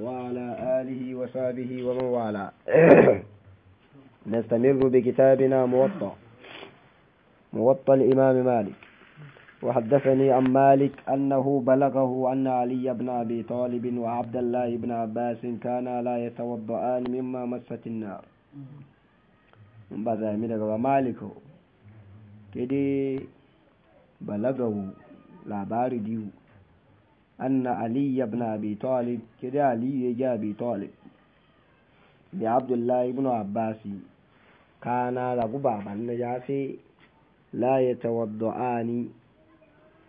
وعلى آله وصحبه ومن والاه نستمر بكتابنا موطأ موطأ الإمام مالك وحدثني عن مالك أنه بلغه أن علي بن أبي طالب وعبد الله بن عباس كانا لا يتوضأان مما مست النار مبذا من مالك كدي بلغه لا بارد anna n alihiboi kedu aliheji ato b adulah bn abas ka na na ra gụba baeflaye taaani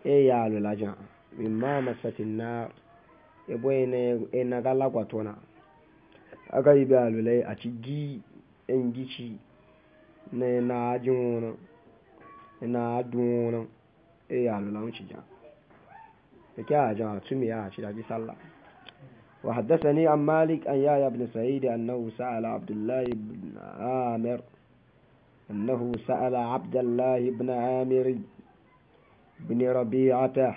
iya lụlaja maasaina ebe nalagata agae lụle chidi ici n ndụnụrụ eyalụlacija جاء عاشر أبي صلى وحدثني عن مالك أن يا بن سعيد أنه سأل عبد الله بن عامر أنه سأل عبد الله بن عامر بن ربيعته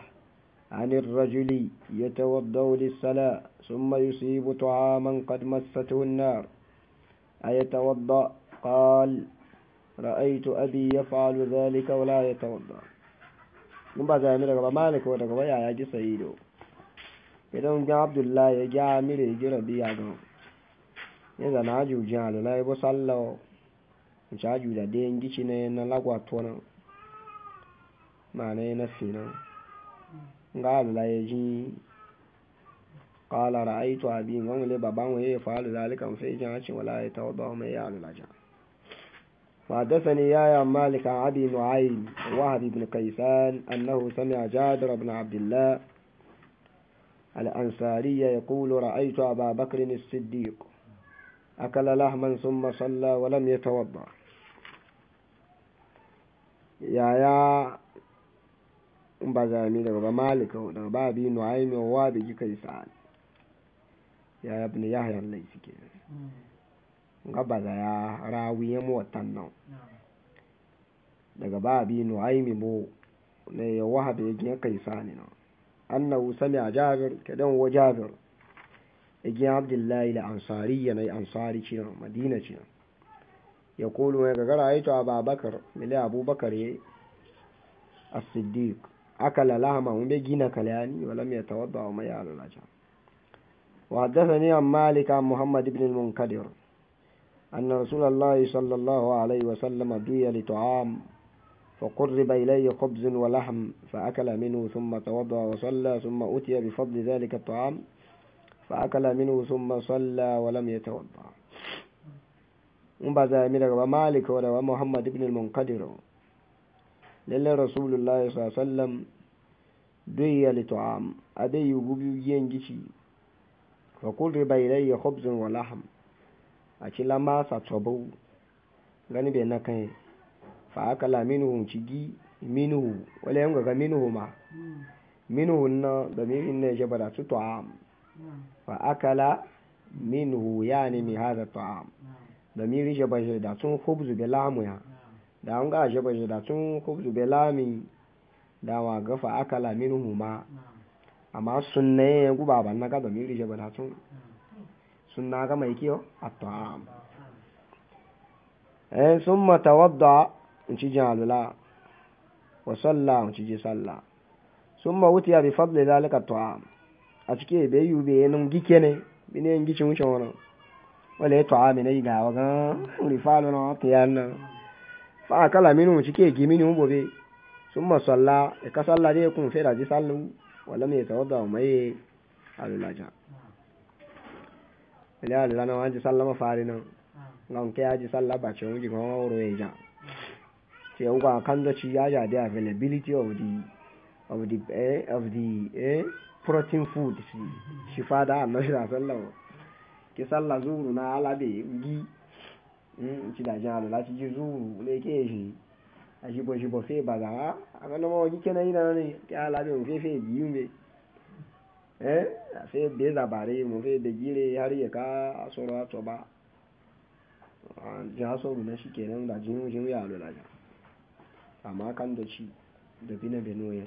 عن الرجل يتوضأ للصلاة ثم يصيب طعاما قد مسته النار أيتوضأ قال رأيت أبي يفعل ذلك ولا يتوضأ mun ba zai mira gaba malik wata gaba yaya ki sayi do idan ga abdullahi ya ga mire ya biya ga ya zana aju jin alula ya bu sallawa in ci aju da dayan gici ne na lagwato nan ma na yi nafi nan ga alula ya ji kala ra'aitu abin wani baban wa ya faru zalikan sai jin hacin wala ya tawadda mai ya alula jan وحدثني يا مالك عن أبي نعيم وهب بن كيسان أنه سمع جابر بن عبد الله الأنصاري يقول رأيت أبا بكر الصديق أكل لحما ثم صلى ولم يتوضأ يا يا بزامي daga مالك daga Babi نعيم وهب كيسان يا ya ibn Yahya الليث yake nga baza ya rawi ya muwatan nan daga ba babi nu'aimi mu ne ya waha da yake kai sani nan annahu sami'a jabir kadan wa jabir abdullahi la ansari ya nai ansari ci nan madina ci nan ya kulu ya ga gara to ababakar mili abubakar ya as-siddiq akala lahama mun bai gina kalyani walam tawadda wa ma ya wa وحدثني عن مالك عن muhammad بن munkadir أن رسول الله صلى الله عليه وسلم دوي لطعام فقرب إليه خبز ولحم فأكل منه ثم توضأ وصلى ثم أتي بفضل ذلك الطعام فأكل منه ثم صلى ولم يتوضأ بعد ذلك ومالك ومحمد بن المنقدر لأن رسول الله صلى الله عليه وسلم دوي لطعام أدي يجوب ينجشي فقرب إليه خبز ولحم ci lamba sa tsobau gani bai na kan fa aka la minuhu cigi minuhu wala yan ga minuhu ma minuhu na da mimin ne je bada su ta'am fa aka la minuhu ya ni mi hada ta'am da mirin je bada da sun khubzu zube lamu ya da an ga je bada da sun khubzu zube lami da wa ga fa aka la minuhu ma amma sunne guba ban na ga da mirin je bada sun sunnaga maikiyo at-ta'am eh summa tawadda unci jalula wa salla unci ji salla summa wutiya bi fadli zalika at-ta'am a cike be be nun gike ne bine yin gicin wuce wani wala ya ta'a mina ga waga falo na ta yana fa kala minu cike gi minu bobe summa salla e ka salla dai kun fera ji sallu wala me tawadda mai alulaja ile ala zana wa ji sallah mafari nan ngam ke ya ji sallah ba ce wuji kuma wuro ya ja ce yau ga kan da ci ya ja the availability of the of the eh, of the eh, protein food shi fada annabi sallallahu ki sallah zuru na alabe gi ci da jalo lati ji zuru le ke shi a shi bo shi bo fe ba ga a ga no mo gi kenan ina ne ya alabe o fe fe gi eh sai da zabare mu sai da gire har ya ka asoro to ba ja so na shi kenan da jinu jinu ya lola ja amma kan da shi da bina benoye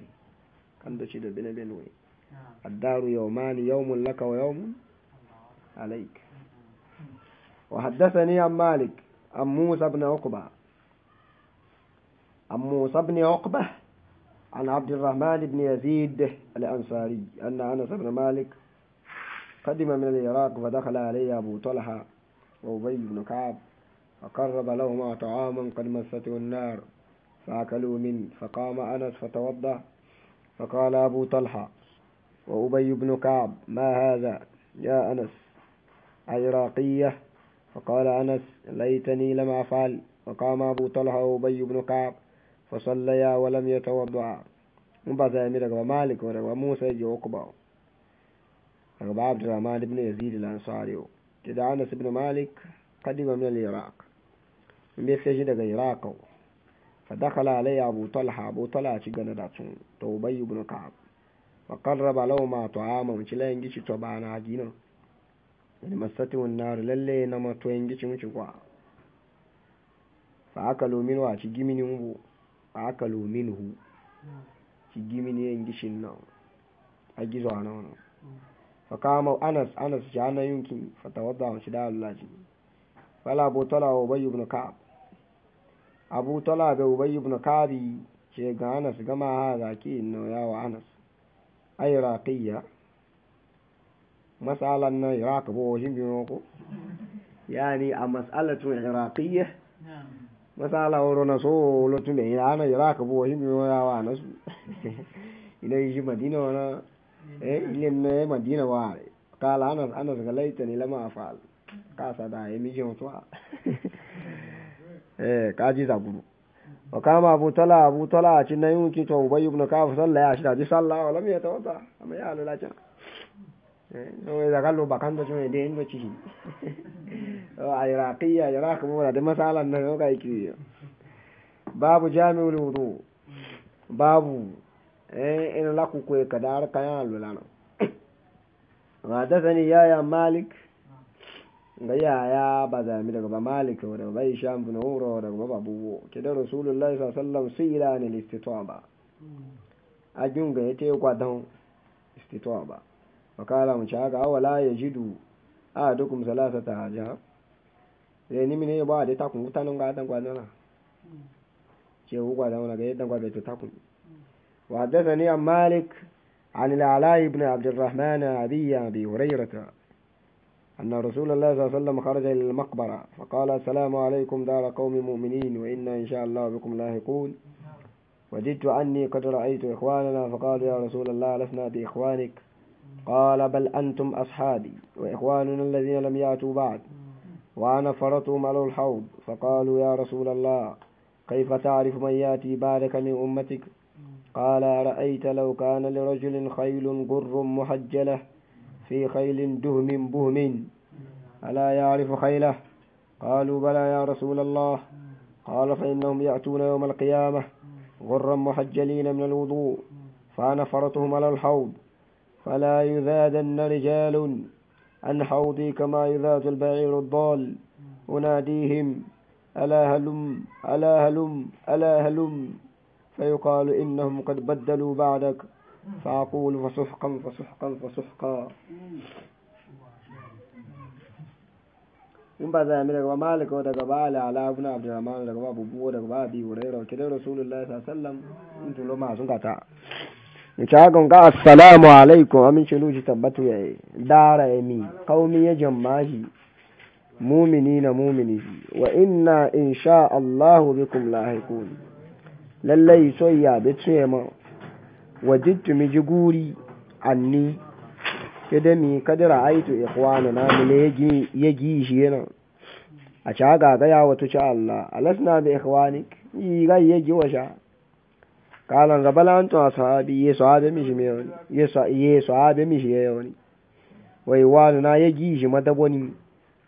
kan da shi da bina benoye الدار يومان يوم لك ويوم عليك وحدثني عن مالك عن موسى بن عقبة عن موسى بن عقبة عن عبد الرحمن بن يزيد الأنصاري أن أنس بن مالك قدم من العراق فدخل عليه أبو طلحة وأبي بن كعب فقرب لهما طعاما قد مسته النار فأكلوا منه فقام أنس فتوضأ فقال أبو طلحة وأبي بن كعب ما هذا يا أنس عراقية فقال أنس ليتني لم أفعل وقام أبو طلحة وأبي بن كعب wasallaya walam ya tawaddu'a in ba sai mi daga Malik ko daga Musa ya wuku ba daga Abd Rahman ibn Yazid al-Ansari ti da Anas ibn Malik qadima min al-Iraq in bai sai daga Iraq fa dakhala alayya Abu Talha Abu Talha ci gana da tun to bai ibn Ka'ab fa qarraba lahu ma ta'ama mun ci layin gici to bana ginin ni masati wan nar lalle na ma to yin gici mun ci kwa fa akalu min wa ci gimini mun a akalu minhu ki gimi ne yin gishin nan a gizo a nan fa kama anas anas ya na yunkin fatawadda wa shida Allah ji fala abu tala wa ubayy ibn ka'ab abu tala da ubayy ibn ka'ab ce ga anas gama ha zaki inna ya wa anas ay raqiya masalan na iraq bo jin ko yani a mas'alatu iraqiyya masala na so lo tun be na yara ka bo hin yo ya wa nasu ile shi madina wana eh ile ne madina wa kala anas anas galaita ni lama afal ka sa da yemi jin to eh ka ji za buru wa kama abu tala abu tala cin nan yunki to ubayy ibn kaf sallallahu alaihi wasallam lam yatawadda amma ya lalacha dagallo bakanda chume den do chi iraqi iraq mo da masala na yo kai ki babu jami'ul wudu babu eh ina la ku kwe kadar kayan lulana hadathani yaya malik ga yaya ba zami daga ba malik daga ba isham bin uro daga ba babu ke da rasulullahi sallallahu alaihi wasallam sila ne istitaba ajun ga don kwadan ba وقال mchaka awala yajidu لا يجدو أدوكم ni mine ba da takun mutanen ga dan gwanana ce ku gwadan wala ga dan gwadan to takun wa عن العلاء بن عبد الرحمن أبي أبي هريرة أن رسول الله صلى الله عليه وسلم خرج إلى المقبرة فقال السلام عليكم دار قوم مؤمنين وإنا إن شاء الله بكم لاحقون وجدت عني قد رأيت إخواننا فقالوا يا رسول الله لسنا بإخوانك قال بل أنتم أصحابي وإخواننا الذين لم يأتوا بعد وأنا فرطهم على الحوض فقالوا يا رسول الله كيف تعرف من يأتي بعدك من أمتك قال أرأيت لو كان لرجل خيل قر محجلة في خيل دهم بهم ألا يعرف خيله قالوا بلى يا رسول الله قال فإنهم يأتون يوم القيامة غرا محجلين من الوضوء فأنا فرطهم على الحوض فلا يذادن رجال عن حوضي كما يذاد البعير الضال أناديهم ألا هلم ألا هلم ألا هلم فيقال إنهم قد بدلوا بعدك فأقول فسحقا فسحقا فسحقا من بعد ذلك ومالك لك ودك بالي على ابن عبد الرحمن لك وابو بودك وابي رسول الله صلى الله عليه وسلم انتم لما سنقطع nci hakan ga assalamu alaikum aminci luji tabbatu ya yi dara ya mi kaumi ya jammahi mumini na mumini wa inna in sha Allahu bikum lahikun lallai soyya bi tsema jittu mi ji guri anni kada mi kadira aitu ikhwana na mi ne ya gi shi yana a ca haka ga ya Allah alasna bi ikwani yi ga yi ya wa sha kalan gabalan to sahabi ye sahabe mi shi meyoni ye sa ye sahabe mi shi wai wani na ya gi shi madaboni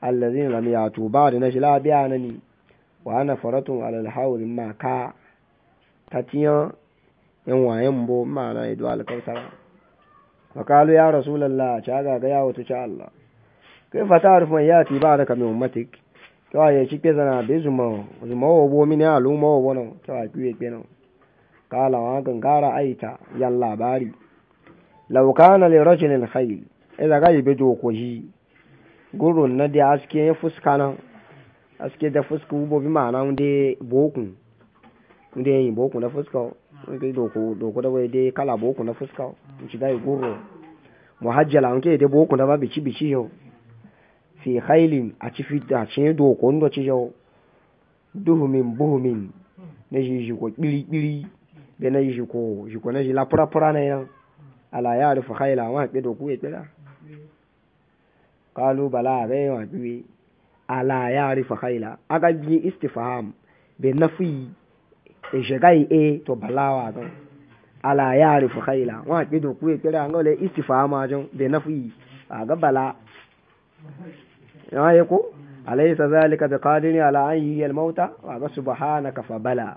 allazina lam yatu ba da na shi labiya na ni wa ana faratun alal hawlin ma ka tiya yan wayan bo ma na idu alkautara wa kalu ya rasulullah cha ga ga ya wata cha Allah kai fa ta'rifu man yati ba da kamin ummatik to ya shi ke zana be zuma zuma wo bo min ya lu mo wo no to a ye ke no kala wa gangara aita yan labari laukana le rajulin khayl idan ga gurun na da aske fuska nan aske da fuska ubo bi fuska da wai kala na fuska dai gurun muhajjala da bici fi a ci fi a ci doko ndo ci bena jiko jiko na jila pura pura na yan ala ya rufu khaila wa pe do ku e pe la qalu bala be wa bi ala ya rufu khaila aga bi istifham be nafi e jagai e to bala wa don ala ya rufu khaila wa pe do ku e pe la ngole istifham ajon be nafi aga bala ya ko alaysa zalika biqadirin ala an yi al mauta wa subhanaka fa bala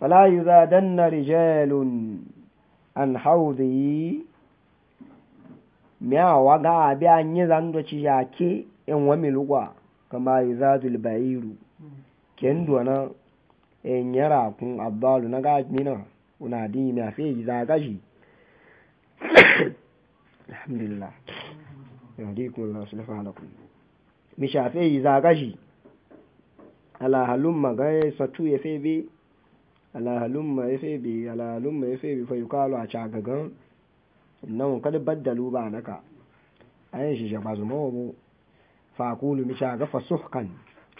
فلا يذادن رجال عن حوضي miya waga abi an yi zando ci yake in wami lugwa kama yi zadul bayiru ken yara kun abbalu na gajmina una di a sai za gaji alhamdulillah ya di kun na yi za gaji ala halumma ga satu ya febe alahalumma ifebi alahalumma ifebi fa yukalu a cagagan nan kada baddalu ba naka ayin shi jaba zuma wa mu fakulu mi caga fasuhkan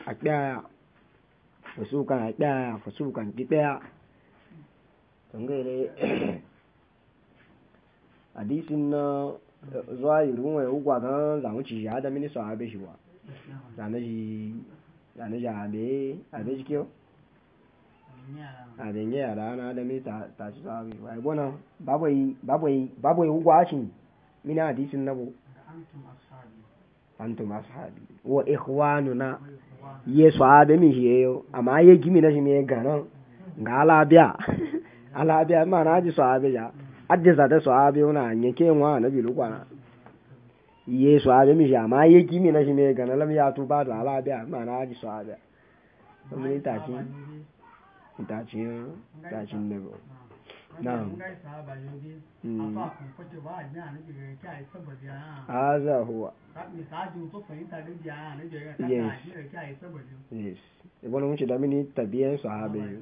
a ɗaya fasukan a ɗaya fasukan ɗaya hadisin na zuwa hukwa kan zamu ci a bai shi wa zane shi zane shi a bai a shi kyau a denge yara na da mai tashi sahabi wai gona babai babai babai gwashin mina hadisin nabo antum ashabi wa ikhwanuna ye sahabe mi yeyo amma ye gimi na shi me ganan ga alabiya alabiya ma na ji sahabe ya adde za da sahabe una ke nwa na bi lukwa na ye sahabe mi shi amma ye gimi na shi gano ganan lam ya tuba da alabiya ma na ji sahabe mun tashi dajin dajin nebo na'am hmm. haza huwa yes ibonu mun ce da mini tabiyan sahabe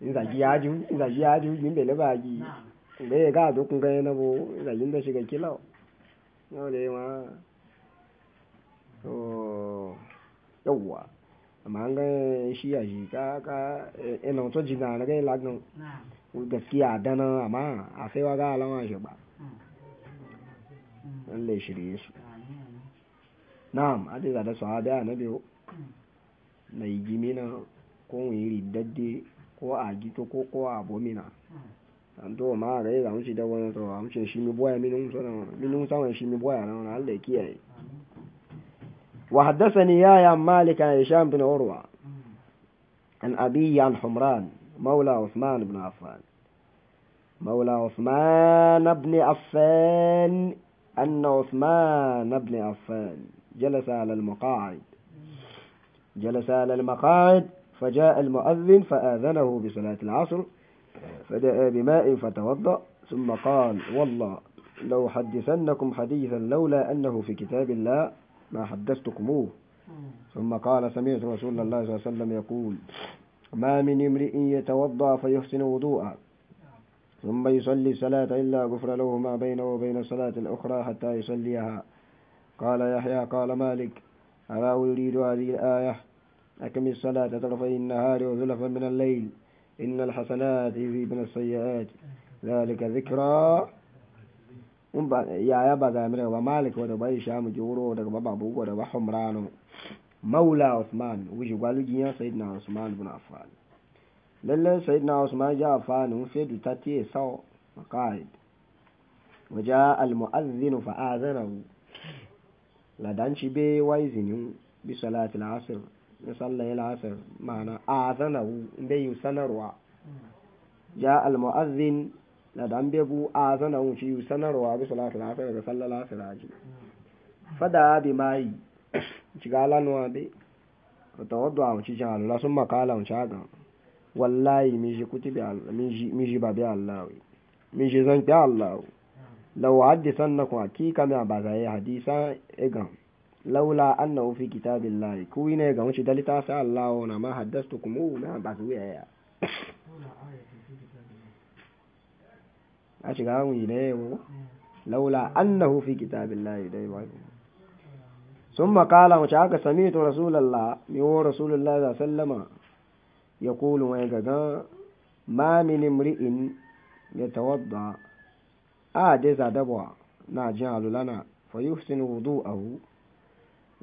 inzagi yaju inzagi yaju min bele bagi ngai ga do kun ga na bo inzagi da shiga kilo no le ma to oh. yawwa amma an ga shi ya shi ka ka ina eh, eh, wato jina na ga lagun gaskiya dana amma a sai wa ga alama shi ba mm. Allah shirye su na'am adiza da sahabi annabi mm. na yi gimina ko wiri dadde ko a gito ko ko a bomina mm. an to ma ga yi zamuci da wani to amce shi mi boya minun sanan minun sanan shi mi boya na Allah kiyaye وحدثني يا مالك عن هشام بن عروة عن أبي عن حمران مولى عثمان بن عفان مولى عثمان بن عفان أن عثمان بن عفان جلس على المقاعد جلس على المقاعد فجاء المؤذن فآذنه بصلاة العصر فدعا بماء فتوضأ ثم قال والله لو حدثنكم حديثا لولا أنه في كتاب الله ما حدثتكموه ثم قال سمعت رسول الله صلى الله عليه وسلم يقول ما من امرئ يتوضا فيحسن وضوءه ثم يصلي الصلاة إلا غفر له ما بينه وبين الصلاة الأخرى حتى يصليها قال يحيى قال مالك الا يريد هذه الآية أكم الصلاة طرفي النهار وزلفا من الليل إن الحسنات من السيئات ذلك ذكرى Yaya ba yaya ba zamira ba malik wa bai sha mu joro daga baba babu da ba humrano maula usman wuji gwalugin ya sayyidina usman bin afan lalle sayyidina usman ja affan mu fe du tati sau makaid waja al mu'adhdhin fa azanahu ladanci be waizinin bi salati al asr ya salla al asr ma'ana azanahu inda yusanarwa mm. ja al mu'adhdhin na dambe bebu a sana hun shi sanarwa bi salatu lafiya daga sallala siraji fada bi mayi. shiga lanuwa bi ta wadda a wuce jin alula sun makala wuce haka wallahi mi shi kuti bi mi shi ba bi allawi mi shi zan kya allawu lau haddisan na hakika kika a ba za yi hadisa egan laula annahu fi kitabillahi yi ne ga wuce dalita sai allahu na ma haddastu kuma na ba su yaya a shiga wuyine yau laula annahu fi kitabillahi dai ba sun makala wace aka sami to rasulallah miwo rasulallah za sallama ya kulu wani gaga mamin mri'in ya tawadda a dai za dabwa na jin alulana fayusin wudu a hu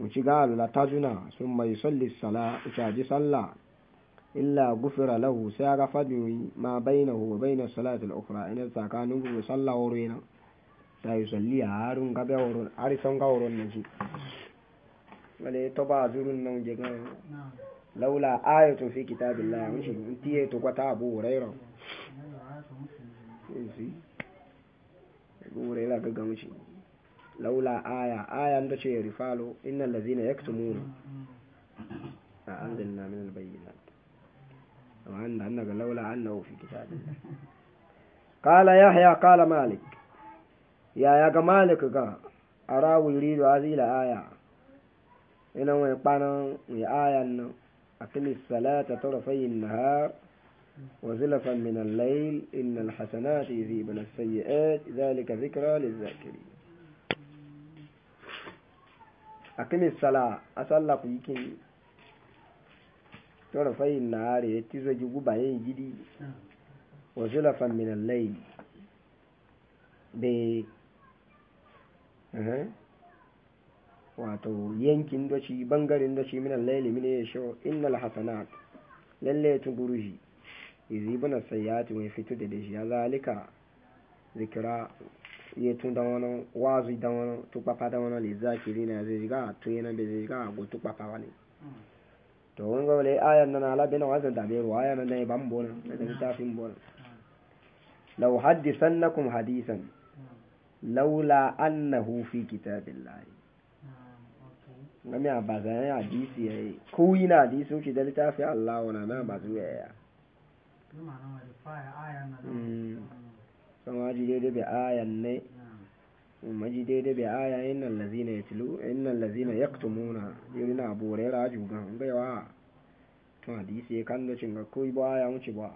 mu ga alula juna sun mai salli sala illa gufira lahu sai ga fadin ma bainahu wa bainas salati al-ukhra ina tsakanin ku sallah woro ina sai salli harun gabe woro ari son ga woro nan shi wale to ba zurun nan je ga laula ayatu fi kitabillah mun shi tiye to kwata abu huraira shi abu huraira ga ga mushi laula aya aya da ce rifalo innal ladhina yaktumuna a anzalna min عن أنك لولا عنه في كتاب الله قال يحيى قال مالك يا يا مالك قال أراه يريد هذه الآية إنه يقانا آية أقم الصلاة طرفي النهار وزلفا من الليل إن الحسنات يذيبن السيئات ذلك ذكرى للذاكرين أقم الصلاة أصلى في فيكم طرفي النهار يتزوج قبعين جدي وزلفا من الليل ب أه. wato yankin dashi bangaren dashi minan laili mine ya shawo innal hasanat lalle tun guruji izibuna sayyati mai fito da dashi ya zalika zikira ya tun da wani wazi da wani tukpapa da wani lizakiri na zai ga tun yana bai zai a go tukpapa wani to mun ga wale ayan nan ala bin wasan da ruwa ayan nan ne ban bona da littafin bona law haddisannakum hadisan laula annahu fi kitabillah ba a bazan hadisi yayi ko ina hadisi shi da littafi. Allah wana na ba zuwa ya sun ma nan wale fa ayan nan hmm. sun ji dai da ayan ne majide daidai bai aya innal lazina ya yatlu innal lazina ya yaktumuna irin abu rera juga ngaiwa to hadisi kan da cin ko ibo ya wuce ba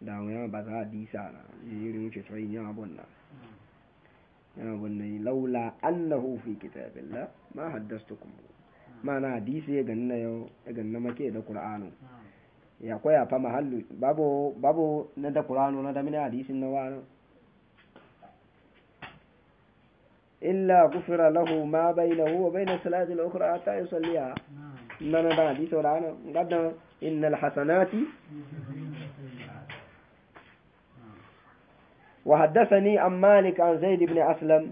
da wani ba za disa na irin wuce sai yin abun nan yana wannan laula annahu fi kitabillah ma haddasta haddastukum mana hadisi ya ganna yau ya ganna make da kur'anu ya koya fa mahallu babu babu na da kur'anu na da mini hadisin na wani إلا غفر له ما بينه وبين الصلاة الأخرى حتى يصليها من نعم. بعد سرعان قد إن الحسنات نعم. وحدثني عن مالك عن زيد بن أسلم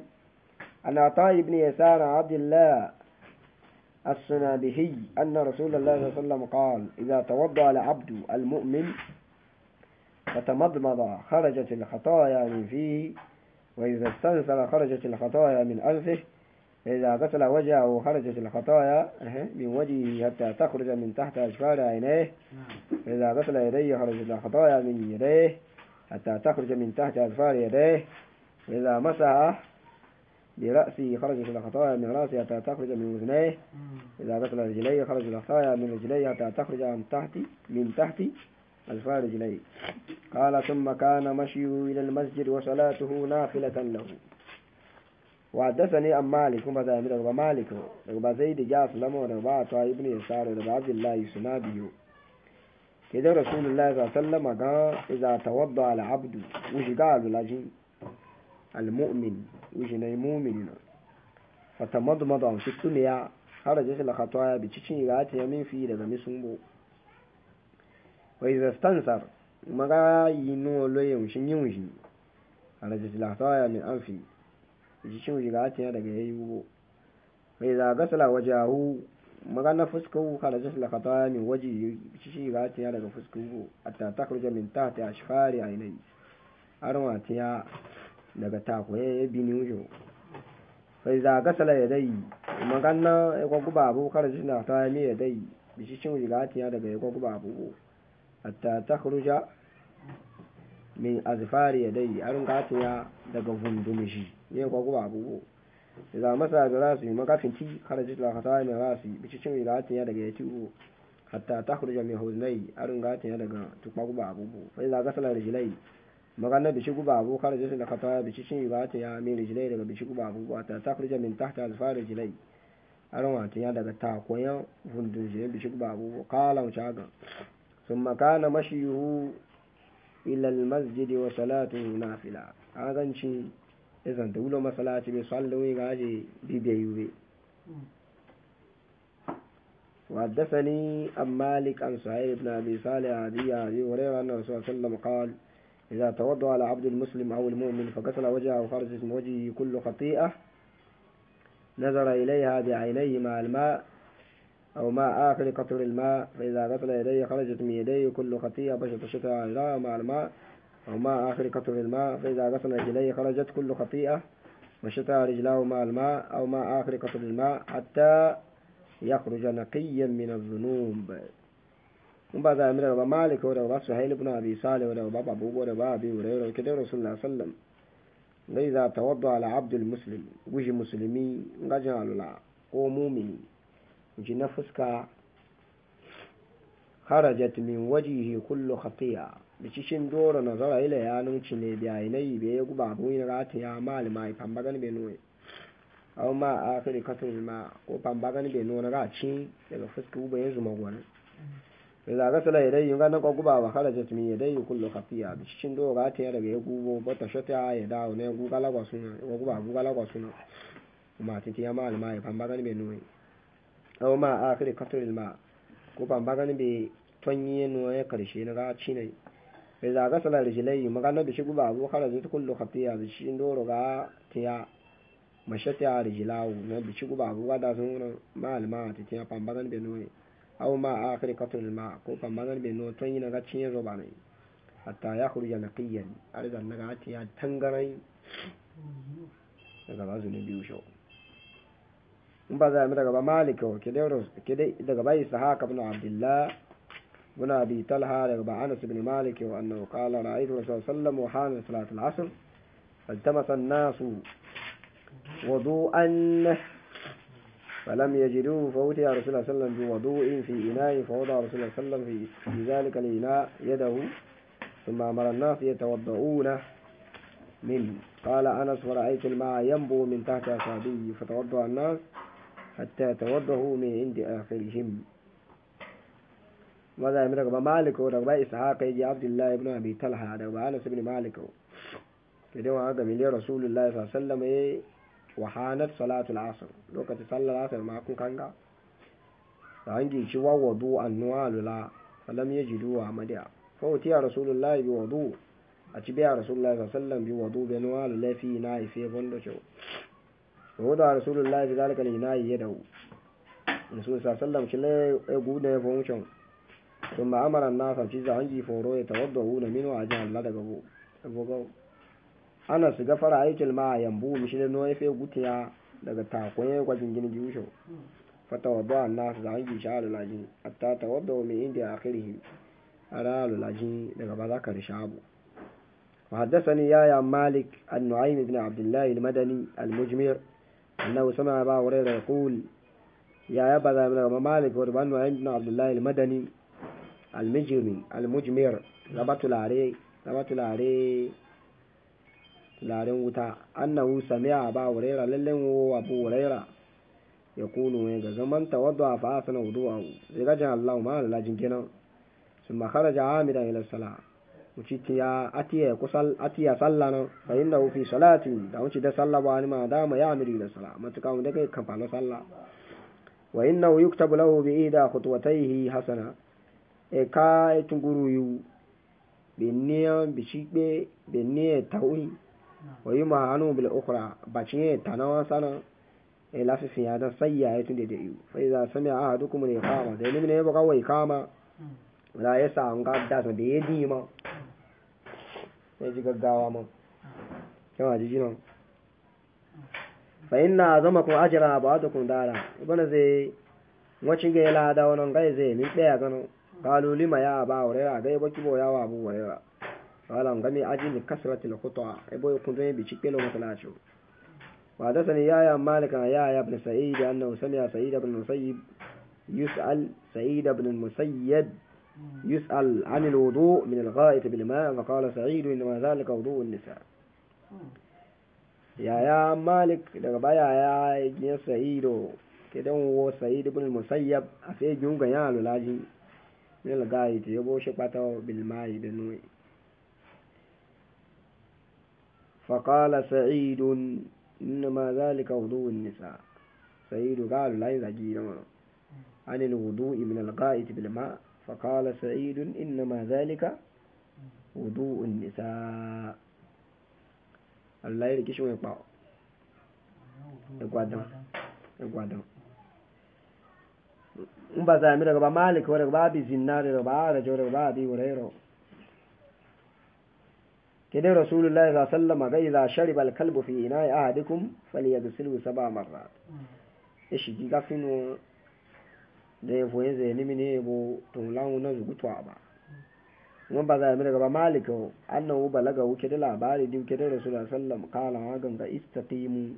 عن عطاء بن يسار عبد الله السنابهي أن رسول الله صلى الله عليه وسلم قال إذا توضأ العبد المؤمن فتمضمض خرجت الخطايا من فيه وإذا استغسل خرجت الخطايا من أنفه فإذا غسل وجهه خرجت الخطايا من وجهه حتى تخرج من تحت أشفار عينيه فإذا نعم. غسل يديه خرجت الخطايا من يديه حتى تخرج من تحت أجفار يديه وإذا مسح برأسه خرجت الخطايا من رأسه حتى تخرج من أذنيه نعم. إذا غسل رجليه خرجت الخطايا من رجليه حتى تخرج من تحت من تحت الفارج لي قال ثم كان مشيه إلى المسجد وصلاته نافلة له وعدثني أم مالك ومذا من ربا مالك ربا زيد جاء سلم وربا عطاء ابن يسار وربا عبد الله يسنابي كده رسول الله صلى الله عليه وسلم قال إذا توضع العبد وش قال لجي المؤمن وش مؤمن فتمضمض عن شكتنيا خرج إلى خطايا بتشين غاتي يمين في لغمي سنبو wa iza stansar maga yinu yin yaushin yunshi alajati lahtaya min anfi jishin shi ga tiya daga yayi bubo wa iza gasala wajahu maga na fusku alajati lahtaya min waji shi ga tiya daga fusku hatta takhruja min ta tahti ashfari ainai arwa tiya daga takuye bini ujo sai za gasala ya dai maganna ya kwaguba abu kar jina ta mi ya dai bishi cin riga tiya daga ya kwaguba abu hatta ta kuruja min azifari ya dai arin katuya daga hundumishi ne kwa guba abubu idan masa da yi makafin ci kharajat la khataya min yi bici cin ilatiya daga ya ci ubu hatta ta kuruja min a arin katuya daga tukwa guba abubu a idan gasala rijlai magana bici guba abu kharajat la ya bici cin ilatiya min rijlai daga bici guba abubu hatta ta kuruja min tahta azfari a arin watiya daga takoyan hundun shi bici guba abubu kala wuce haka ثم كان مشيه إلى المسجد وصلاته نافلة هذا شيء إذا دولة مسألة بيصلوا غاجي بيبيوي وحدثني أم مالك عن سعيد بن أبي صالح عدي عدي هريرة أن الرسول صلى الله عليه وسلم قال إذا توضأ على عبد المسلم أو المؤمن فغسل وجهه وخرجت من وجهه كل خطيئة نظر إليها بعينيه مع الماء أو ما آخر قطر الماء فإذا غسل يديه خرجت من يديه كل خطية بشط شكرها إجراء مع الماء أو ما آخر قطر الماء فإذا غسل رجليه خرجت كل خطيئة وشتى رجلاه مع الماء أو ما آخر قطر الماء حتى يخرج نقيا من الذنوب وبعد أمر ربا مالك وربا سهيل بن أبي صالح وربا أبو وربا أبي هريرة كده رسول الله صلى الله عليه وسلم إذا توضع على عبد المسلم وجه مسلمي نجعل الله قومومي ji na fuska harajat min wajihi kullu khatiya da cikin doro na zara ila ya nunci ne biya ina yi biya ya guba abu yin rata ya mali ma mai pambagan bai nuwe aw ma a kiri katon ma ko pambagan bai nuwe ra ci daga fuska guba yanzu magwani da ga sala idai yin ganin guba ba harajat min dai kullu khatiya da cikin doro rata ya daga ya gubo bata shata ya dawo ne gugala gwasuna guba gugala gwasuna kuma titi ya mali mai pambagan bai nuwe aw ma kare katolil ma ko ban bagan be tonye no ya karshe na ga cine bai za ga salar jilai magana da shi guba abu kara zai kullu khatiya da shi ndoro ga tiya mashata rijilawu na bi shi guba abu ga da sun ma alma ta tiya ban bagan be no aw ma kare qatril ma ko ban bagan be no tonye na ga cine roba ne hatta ya khruja naqiyan arzan na ga tiya tangarai daga bazu ne biyu shau بعد ذلك daga ba Malik كده daga ba Ishaq ibn Abdullah ibn Abi Talha daga ba Anas ibn Malik wa annahu qala ra'aytu Rasul sallallahu alaihi wasallam hana salat al-asr فالتمس الناس وضوءا فلم يجدوه فأتي رسول الله صلى الله عليه وسلم بوضوء في إناء فوضع رسول الله صلى الله عليه وسلم في ذلك الإناء يده ثم أمر الناس يتوضؤون منه قال أنس ورأيت الماء ينبو من تحت أصابعي فتوضأ الناس حتى توضهوا من عند آخرهم ماذا من رغب مالك ورغب إسحاق يجي عبد الله بن أبي طلحة رغب أنس بن مالك كدوا عقم إلي رسول الله صلى الله عليه وسلم إيه؟ وحانت صلاة العصر لو كنت صلى العصر ما أكون كنغا فأنجي شوى وضوء النوال لا فلم يجدوا عمدا فأتي رسول الله بوضوء أتبع رسول الله صلى الله عليه وسلم بوضوء بنوال لا في ناي في بندشو wada rasulullahi fi zalika linayi yadahu rasul sallam kile gude function thumma amara nasa fi zangi foro ya tawaddahu min wa ajal la daga bo bogo ana su gafara aikin ma yambu mishile no efe gutiya daga takoye kwa jingin giusho fatawadda an-nas zangi sha'al lajin hatta tawadda min inda akhirih ara lajin daga ba za ka وحدثني يا مالك النعيم بن عبد الله المدني المجمر أنه سمع أبا هريرة يقول يا أبا بن مالك وربان وعندنا عبد الله المدني المجرمي المجمر ربط العري ربط العري larin wuta annahu sami'a ba huraira lallen wo abu huraira ya kunu ne ga zaman tawaddu fa asana wudu'a zai gajan Allah ma lalajin kenan sun makaraja amida ila salat ucitiya atiye kusal atiya salla no fa inna fi salati da wuci da salla ba ni ma da ma ya amiri da salla matuka mun da kai kan falo salla wa inna yuktabu lahu bi ida khutwataihi hasana e ka e tunguru yu binniya bishibe binniya tawi wa yuma hanu bil ukhra bachiye tanawa sana e la fi fiya da sayya e tunde de yu fa iza sami'a ahadukum ne kama da ne ne ba kawai kama wala yasa an ga da sa ma sai ji gaggawa man yawa ji jinan fa inna zama kun ajira ba da kun dara ibana zai wacin ga yala da wannan gai zai min tsaya gano kalu lima ya ba wurera gai baki bo yawa abu wurera qala gani aji ni kasratil khutwa ai boy kun dai bi cikelo matalacho wa da sani ya ya malika ya ya ibn sa'id annahu sami'a sa'id ibn musayyib yus'al sa'id ibn musayyib يسأل عن الوضوء من الغائط بالماء فقال سعيد إنما ذلك وضوء النساء يا يا مالك daga baya ya yi sa'ido kidan wo sa'id ibn musayyab a sai gunga ya lulaji min gayi ta yabo shi kwata bil mai da nui fa qala sa'id inma zalika wudu nisa sa'id ga lulaji zaki da ma anil wudu min al gayi فقال سعيد إنما ذلك وضوء النساء الله يركي شو يقع يقعدم يقعدم in ba sami daga ba malik wa daga ba bi zinnari daga ba da jore ba bi wurairo kidai rasulullahi sallallahu alaihi wasallam ga idza shariba al-kalbu fi ina'i ahadikum falyaghsilhu sab'a marrat ishi gafinu da ya foye zai nimi ne bo tun lanwu na a ba wani ba za a daga ba malikin annan wu balaga wuke da labari da wuke da rasulun sallam kala hagan ga istaqimu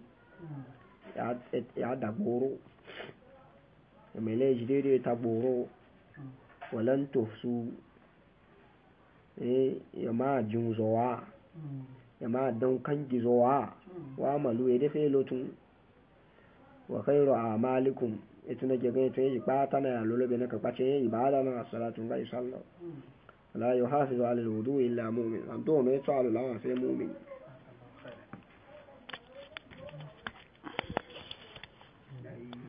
ya da goro mai laishi daidai ta goro walan su eh, ya ma jin zowa ya ma don kan gizowa wa malu ya dafe lotun wa a malikun ituna jege to yi pata na lolo be na ka pace ibada na salatu ga isallo hmm. la yuhafizu ala alwudu illa mu'min am do me to ala sai mu'min